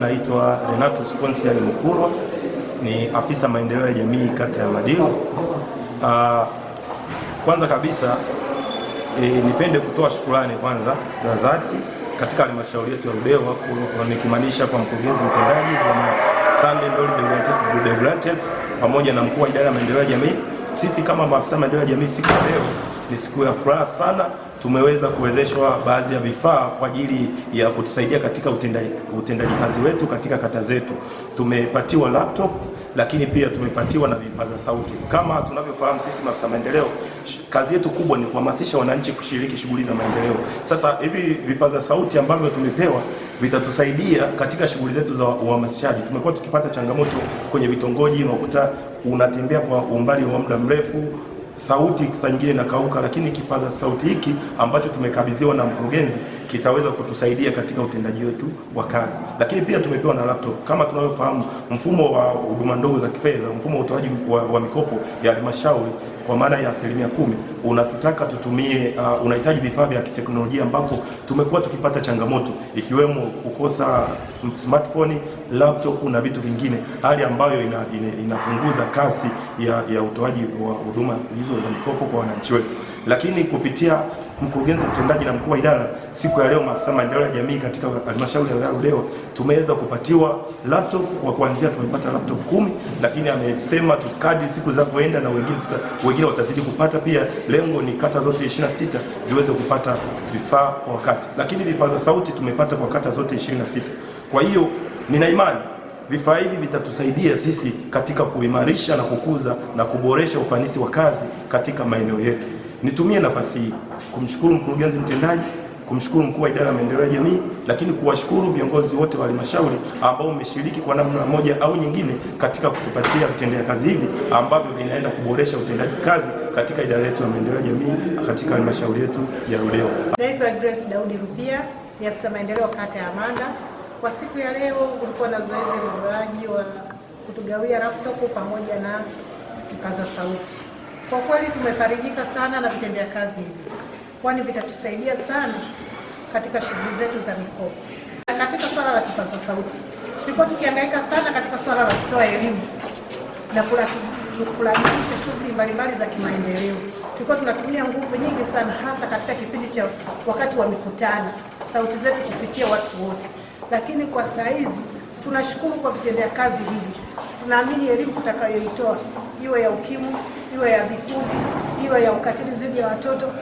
Naitwa Sponsia ni mkurwa ni afisa maendeleo ya jamii kata ya Madilu. Uh, kwanza kabisa e, nipende kutoa shukrani kwanza za dhati katika halmashauri yetu ya Ludewa, nikimaanisha kwa mkurugenzi mtendaji Bwana Sande Deogratias pamoja na mkuu wa idara ya maendeleo ya jamii. Sisi kama maafisa maendeleo ya jamii siku leo ni siku ya furaha sana. Tumeweza kuwezeshwa baadhi ya vifaa kwa ajili ya kutusaidia katika utendaji utendaji kazi wetu katika kata zetu. Tumepatiwa laptop lakini pia tumepatiwa na vipaza sauti. Kama tunavyofahamu sisi maafisa maendeleo, kazi yetu kubwa ni kuhamasisha wananchi kushiriki shughuli za maendeleo. Sasa hivi vipaza sauti ambavyo tumepewa vitatusaidia katika shughuli zetu za uhamasishaji. Tumekuwa tukipata changamoto kwenye vitongoji, unakuta unatembea kwa umbali wa muda mrefu sauti saa nyingine inakauka, lakini kipaza sauti hiki ambacho tumekabidhiwa na mkurugenzi kitaweza kutusaidia katika utendaji wetu wa kazi. Lakini pia tumepewa na laptop. Kama tunavyofahamu, mfumo wa huduma ndogo za kifedha, mfumo wa utoaji wa, wa mikopo ya halmashauri kwa maana ya asilimia kumi unatutaka tutumie, uh, unahitaji vifaa vya kiteknolojia ambapo tumekuwa tukipata changamoto ikiwemo kukosa smartphone, laptop na vitu vingine, hali ambayo inapunguza ina, ina kasi ya, ya utoaji wa huduma hizo za mikopo kwa wananchi wetu, lakini kupitia mkurugenzi mtendaji na mkuu wa idara, siku ya leo maafisa maendeleo ya jamii katika halmashauri ya Ludewa tumeweza kupatiwa laptop. Kwa kuanzia tumepata laptop kumi, lakini amesema tukadi siku zinavyoenda na wengine wengine watazidi kupata pia. Lengo ni kata zote 26 ziweze kupata vifaa kwa wakati, lakini vipaza sauti tumepata kwa kata zote 26. Kwa hiyo nina imani vifaa hivi vitatusaidia sisi katika kuimarisha na kukuza na kuboresha ufanisi wa kazi katika maeneo yetu. Nitumie nafasi hii kumshukuru mkurugenzi mtendaji, kumshukuru mkuu wa idara ya maendeleo ya jamii, lakini kuwashukuru viongozi wote wa halmashauri ambao umeshiriki kwa namna moja au nyingine katika kutupatia vitendea kazi hivi ambavyo vinaenda kuboresha utendaji kazi katika idara yetu ya maendeleo ya jamii katika halmashauri yetu ya rudeo Naitwa Grace Daudi Rupia, ni afisa maendeleo kata ya manda Kwa siku ya leo kulikuwa na zoezi la ugawaji wa kutugawia laptop pamoja na kipaza sauti. Kwa kweli tumefarijika sana na vitendea kazi hivi, kwani vitatusaidia sana katika shughuli zetu za mikopo. Katika swala la kipaza sauti, tulikuwa tukiangaika sana katika swala la kutoa elimu na kulaanisha shughuli mbalimbali za kimaendeleo. Tulikuwa tunatumia nguvu nyingi sana, hasa katika kipindi cha wakati wa mikutano, sauti zetu kufikia watu wote, lakini kwa hizi tunashukuru kwa vitendea kazi hivi Tunaamini elimu tutakayoitoa iwe ya UKIMWI, iwe ya vikundi, iwe ya ukatili dhidi ya watoto,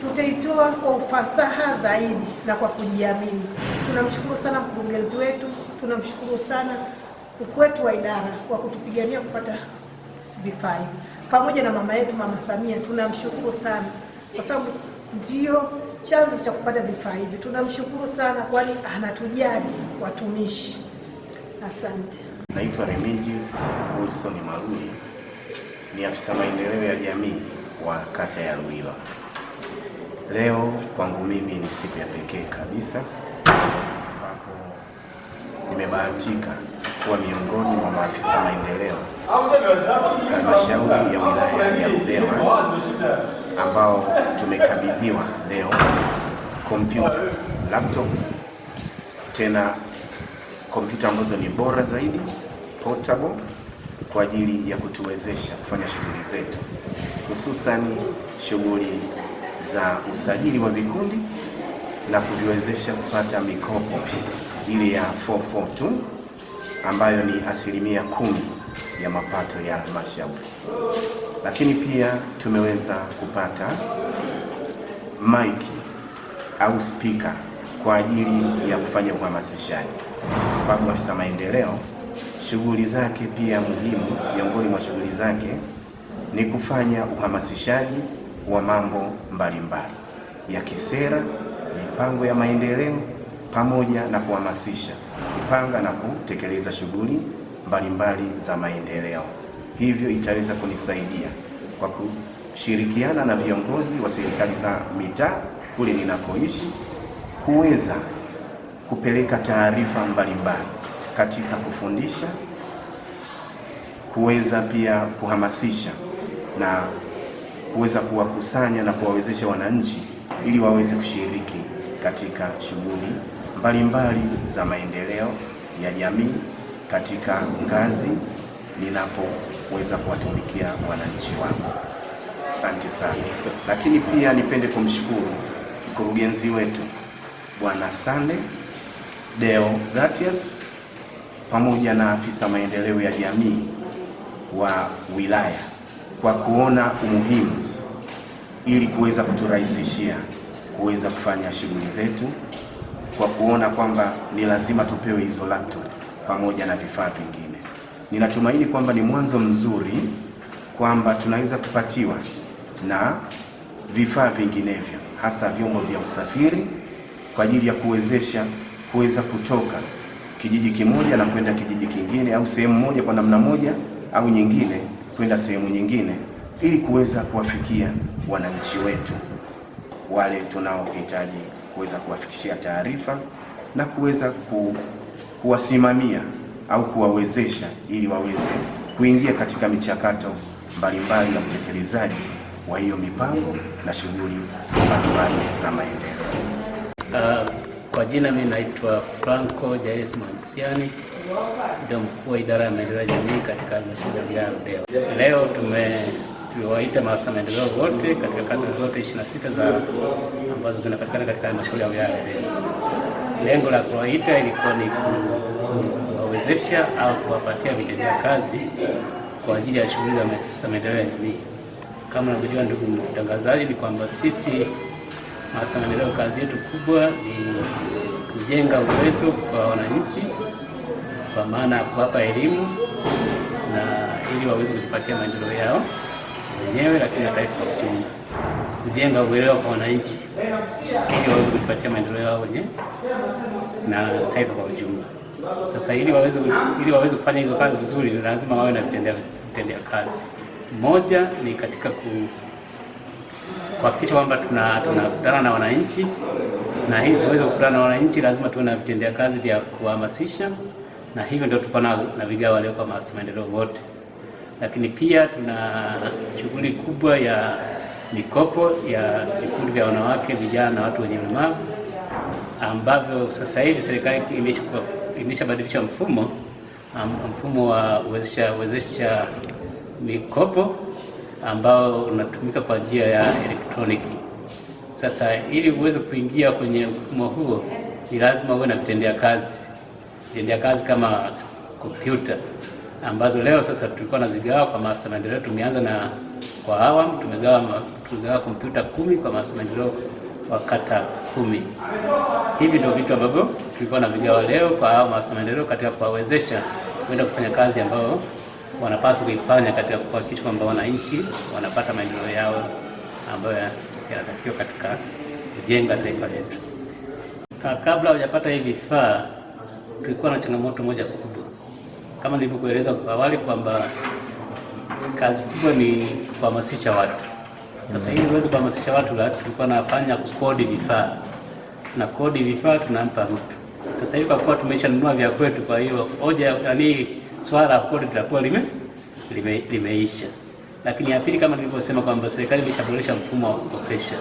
tutaitoa kwa ufasaha zaidi na kwa kujiamini. Tunamshukuru sana mkurugenzi wetu, tunamshukuru sana mkuu wetu wa idara kwa kutupigania kupata vifaa hivi, pamoja na mama yetu Mama Samia tunamshukuru sana kwa sababu ndio chanzo cha kupata vifaa hivi. Tunamshukuru sana, kwani anatujali watumishi. Asante. Naitwa Remigius Wilson Maruli, ni afisa maendeleo ya jamii wa kata ya Ruila. Leo kwangu mimi ni siku ya pekee kabisa ambapo nimebahatika kuwa miongoni mwa maafisa maendeleo halmashauri ya wilaya ya Ludewa ambao tumekabidhiwa leo kompyuta laptop, tena kompyuta ambazo ni bora zaidi portable kwa ajili ya kutuwezesha kufanya shughuli zetu, hususani shughuli za usajili wa vikundi na kuviwezesha kupata mikopo ile ya 442 ambayo ni asilimia kumi ya mapato ya halmashauri. Lakini pia tumeweza kupata maiki au spika kwa ajili ya kufanya uhamasishaji, kwa sababu afisa maendeleo shughuli zake pia muhimu, miongoni mwa shughuli zake ni kufanya uhamasishaji wa mambo mbalimbali mbali ya kisera, mipango ya maendeleo, pamoja na kuhamasisha kupanga na kutekeleza shughuli mbalimbali za maendeleo. Hivyo itaweza kunisaidia kwa kushirikiana na viongozi wa serikali za mitaa kule ninakoishi kuweza kupeleka taarifa mbalimbali katika kufundisha kuweza pia kuhamasisha na kuweza kuwakusanya na kuwawezesha wananchi ili waweze kushiriki katika shughuli mbalimbali za maendeleo ya jamii katika ngazi ninapoweza kuwatumikia wananchi wangu. Asante sana. Lakini pia nipende kumshukuru mkurugenzi wetu Bwana Sande Deogratias pamoja na afisa maendeleo ya jamii wa wilaya kwa kuona umuhimu ili kuweza kuturahisishia kuweza kufanya shughuli zetu kwa kuona kwamba ni lazima tupewe hizo laptop pamoja na vifaa vingine. Ninatumaini kwamba ni mwanzo mzuri kwamba tunaweza kupatiwa na vifaa vinginevyo hasa vyombo vya usafiri kwa ajili ya kuwezesha kuweza kutoka kijiji kimoja na kwenda kijiji kingine au sehemu moja kwa namna moja au nyingine kwenda sehemu nyingine ili kuweza kuwafikia wananchi wetu wale tunaohitaji kuweza kuwafikishia taarifa na kuweza ku, kuwasimamia au kuwawezesha ili waweze kuingia katika michakato mbalimbali ya utekelezaji wa hiyo mipango na shughuli mbalimbali za maendeleo. Uh. Kwa jina mimi naitwa Franco Jairus Mamsiani, ndio mkuu wa idara ya maendeleo ya jamii katika halmashauri ya Ludewa. Leo tume tumewaita maafisa maendeleo wote katika kata zote 26 za ambazo zinapatikana katika halmashauri ya wilaya Ludewa. Lengo la kuwaita ilikuwa ni kuwawezesha au kuwapatia vitendea kazi kwa ajili ya shughuli za maendeleo ya jamii. Kama unavyojua ndugu mtangazaji, ni kwamba sisi hasa maendeleo, kazi yetu kubwa ni kujenga uwezo kwa wananchi, kwa maana ya kuwapa elimu na ili waweze kujipatia maendeleo yao wenyewe, lakini na taifa kwa ujumla, kujenga uelewa kwa wananchi ili waweze kujipatia maendeleo yao wenyewe na taifa kwa ujumla. Sasa ili waweze ili waweze kufanya hizo kazi vizuri, lazima wawe na vitendea kazi. Moja ni katika ku kuhakikisha kwamba tunakutana tuna na wananchi, na hii tuweze kukutana na wananchi lazima tuwe na vitendea kazi vya kuhamasisha, na hivyo ndio tuko na, na vigao leo kwa maafisa maendeleo wote, lakini pia tuna shughuli kubwa ya mikopo ya vikundi vya wanawake, vijana na watu wenye ulemavu ambavyo sasa hivi serikali imeshabadilisha mfumo mfumo wa uwezesha mikopo ambao unatumika kwa njia ya elektroniki. Sasa ili uweze kuingia kwenye mfumo huo, ni lazima uwe na vitendea kazi, vitendea kazi kama kompyuta ambazo leo sasa tulikuwa nazigawa kwa maafisa maendeleo. Tumeanza na kwa awamu, tumegawa tumegawa kompyuta kumi kwa maafisa maendeleo wa kata kumi. Hivi ndio vitu ambavyo tulikuwa na vigawa leo kwa hao maafisa maendeleo katika kuwawezesha kwenda kufanya kazi ambayo wanapaswa kuifanya katika kuhakikisha kwamba wananchi wanapata maendeleo yao ambayo yanatakiwa katika kujenga taifa letu. Kabla hujapata hii vifaa, tulikuwa na changamoto moja kubwa, kama nilivyokueleza awali kwamba kazi kubwa ni kuhamasisha watu. Sasa ili uweze kuhamasisha watu, tulikuwa nafanya kukodi vifaa na kodi vifaa tunampa mtu. Sasa hivi kwa kuwa tumeishanunua vya kwetu, kwa hiyo hoja yani swala la kodi litakuwa lime, lime, limeisha. Lakini ya pili, kama nilivyosema kwamba serikali imeshaboresha mfumo wa kukopesha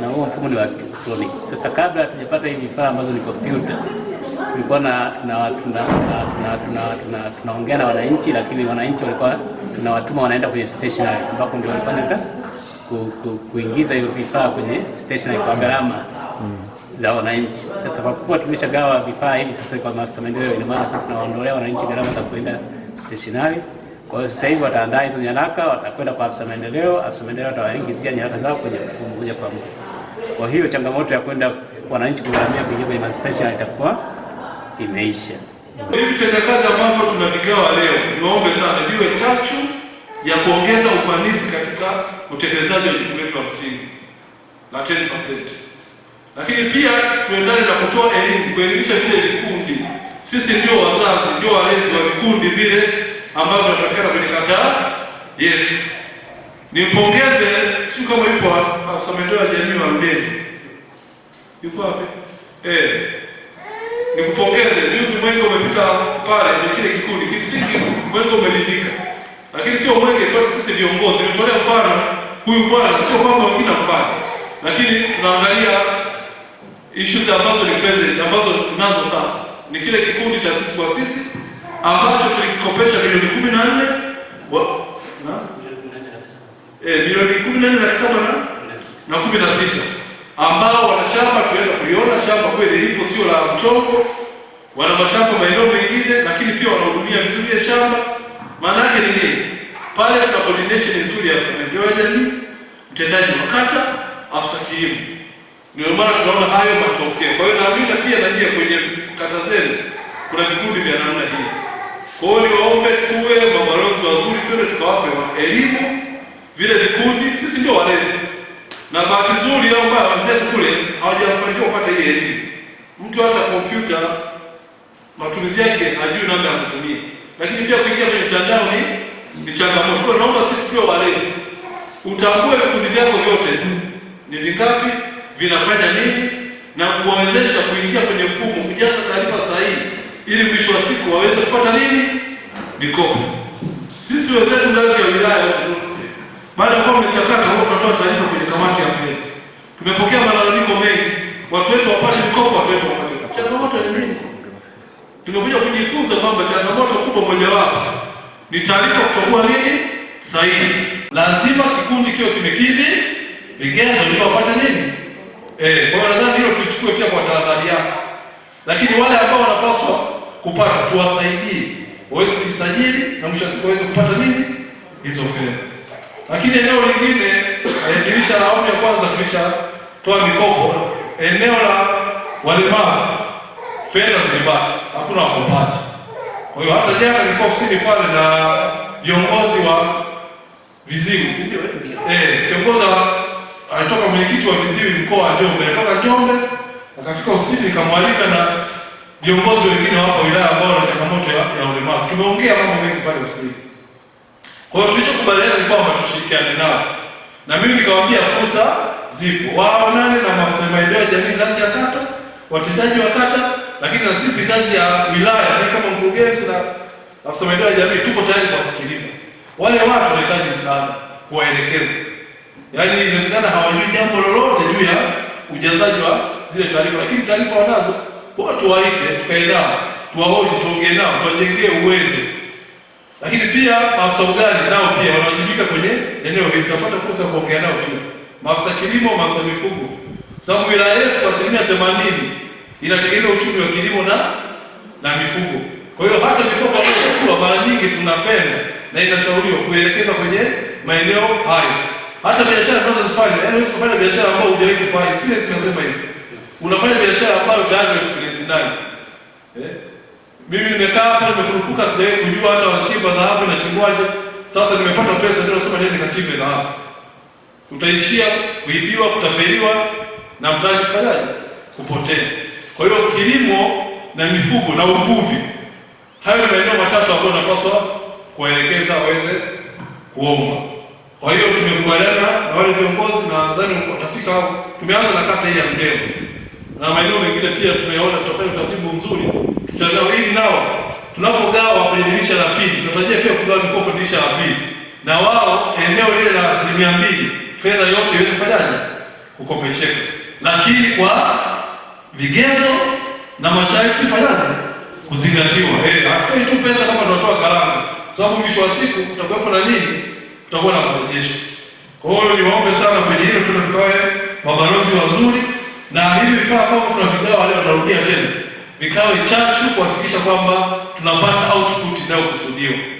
na huo mfumo ni wa elektroniki. Sasa kabla hatujapata hivi vifaa ambazo ni kompyuta, tulikuwa na tunaongea na wananchi, lakini wananchi walikuwa tunawatuma wanaenda kwenye stationery ambapo ndio walikuwa ku, ku, kuingiza hivyo vifaa kwenye stationery kwa gharama mm za wananchi. Sasa kwa kuwa tumeshagawa vifaa hivi sasa kwa maafisa maendeleo, ina maana sasa tunawaondolea wananchi gharama za kwenda stationary. Kwa hiyo sasa hivi wataandaa hizo nyaraka, watakwenda kwa afisa maendeleo, afisa maendeleo atawaingizia nyaraka zao kwenye mfumo moja kwa moja. Kwa hiyo changamoto ya kwenda wananchi kugharamia kuingia kwenye mastation itakuwa imeisha. Hivi vitendakazi ambavyo tunavigawa leo, niwaombe sana viwe chachu ya kuongeza ufanisi katika utekelezaji wa jukumu letu la msingi la 10% lakini pia tuendane na kutoa elimu, kuelimisha vile vikundi. Sisi ndio wazazi, ndio walezi wa vikundi vile ambavyo vinatokana kwenye kata yetu. Nimpongeze, si kama yupo afisa maendeleo ya jamii wa Mdende, yuko wapi? Eh, nikupongeze. Juzi mwenge umepita pale kwenye kile kikundi, kimsingi mwenge umelidhika, lakini sio mwenge tu, sisi viongozi tumetolea mfano huyu bwana, sio kwamba wengine wafanye, lakini tunaangalia issues ambazo ni present ambazo tunazo sasa ni kile kikundi cha sisi kwa sisi ambacho tulikikopesha milioni kumi na nne eh, milioni kumi na nne laki saba na kumi na sita ambao wana shamba tuenda kuiona shamba kweli lipo, sio la mchongo. Wana mashamba maeneo mengine, lakini pia wanahudumia vizuri ya shamba. Maana yake ni nini? Pale kuna coordination nzuri ya msemaji wa jamii, mtendaji wa kata, afisa kilimo ndio maana tunaona hayo matokeo. Kwa hiyo naamini pia najia kwenye kata zenu kuna vikundi vya namna hii. Kwa hiyo niwaombe tuwe mabalozi wazuri, tuende tukawape elimu vile vikundi. Sisi ndio walezi, na bahati nzuri au mbaya wenzetu kule hawajafanikiwa kupata hii elimu. Mtu hata kompyuta matumizi yake hajui namna ya kutumia, lakini pia kuingia kwenye mtandao ni ni changamoto. Kwa naomba sisi tuwe walezi, utambue vikundi vyako vyote ni vingapi vinafanya nini na kuwawezesha kuingia kwenye mfumo, kujaza taarifa sahihi, ili mwisho wa siku waweze kupata nini mikopo. Sisi wenzetu ngazi ya wilaya, baada ya kuwa mchakato huo, tunatoa taarifa kwenye kamati ya fedha. Tumepokea malalamiko mengi, watu wetu wapate mikopo, watu wetu wapate changamoto ni nini? Tumekuja kujifunza kwamba changamoto kubwa mojawapo ni taarifa kutokuwa nini sahihi. Lazima kikundi kiwe kimekidhi vigezo ili wapate nini Eh, kwa hiyo nadhani hilo tulichukue pia kwa tahadhari yako, lakini wale ambao wanapaswa kupata tuwasaidie waweze kujisajili na mwisho siku waweze kupata nini hizo fedha. Lakini eneo lingine eh, dirisha la awamu ya kwanza toa mikopo. Eneo la walemavu fedha zilibaki, hakuna wakopaji. Kwa hiyo hata jana nilikuwa ofisini pale na viongozi wa viziwi, si ndio? Eh, viongozi wa anatoka mwenyekiti wa viziwi mkoa wa Njombe, anatoka Njombe akafika ofisini, nikamwalika na viongozi wengine wapo wilaya ambao wana changamoto ya, ya ulemavu. Tumeongea mambo mengi pale ofisini. Kwa hiyo tulichokubaliana ni kwamba tushirikiane nao, na mimi nikawaambia fursa zipo, waonane na maafisa maendeleo ya jamii ngazi ya kata, watendaji wa kata, lakini na sisi ngazi ya wilaya, mimi kama mkurugenzi na afisa maendeleo ya jamii tuko tayari kuwasikiliza wale watu. Wanahitaji msaada, kuwaelekeza Yaani inawezekana hawajui jambo lolote juu ya ujazaji wa zile taarifa, lakini taarifa wanazo. Kwa tuwaite, tukae nao, tuwahoji, tuongee nao, tuwajengee uwezo. Lakini pia maafisa ugani nao pia wanawajibika kwenye eneo hili, tutapata fursa ya kuongea nao pia, maafisa kilimo, maafisa mifugo, sababu wilaya yetu kwa asilimia themanini inategemea uchumi wa kilimo na na mifugo. Kwa hiyo hata mikopo kwa mara nyingi tunapenda na inashauriwa kuelekeza kwenye maeneo hayo. Hata biashara ambazo unazofanya, yaani wewe kufanya biashara ambayo hujawahi kufanya. Experience inasema hivi. Unafanya biashara ambayo tayari una experience ndani. Eh? Mimi nimekaa hapa nimekurupuka sijawahi kujua hata wanachimba dhahabu na chimbwaje. Sasa nimepata pesa ndio nasema nini nikachimbe dhahabu. Utaishia kuibiwa, kutapeliwa na mtaji kufanyaje? Kupotea. Kwa hiyo kilimo na mifugo na uvuvi hayo ni maeneo matatu ambayo napaswa kuwaelekeza waweze kuomba. Kwa hiyo tumekubaliana na wale viongozi na nadhani watafika hapo. Tumeanza na kata hii ya Mdemo na maeneo mengine pia tunayaona, tutafanya utaratibu mzuri, tutanao hili nao tunapogawa kwenye dirisha la pili, tunatarajia pia kugawa mikopo dirisha la pili, na wao eneo lile la asilimia mbili fedha yote iweze kufanyaje kukopesheka, lakini kwa vigezo na masharti fanyaje kuzingatiwa. Eh, hatutoi tu pesa kama tunatoa karanga, sababu mwisho wa siku tutakuwepo na nini tutakuwa na marejesho. Kwa hiyo niwaombe sana kwenye hilo, tuna tukawe mabalozi wazuri, na hivi vifaa kama tunavigawa leo, narudia tena, vikawe chachu kuhakikisha kwamba tunapata output inayokusudiwa.